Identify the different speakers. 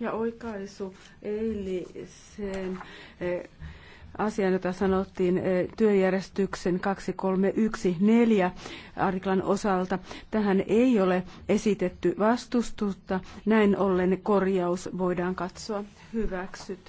Speaker 1: Ja oikaisu eilisen eh,
Speaker 2: asian, jota sanottiin eh, työjärjestyksen 2314 artiklan osalta. Tähän ei ole esitetty vastustusta. Näin ollen korjaus voidaan katsoa hyväksytty.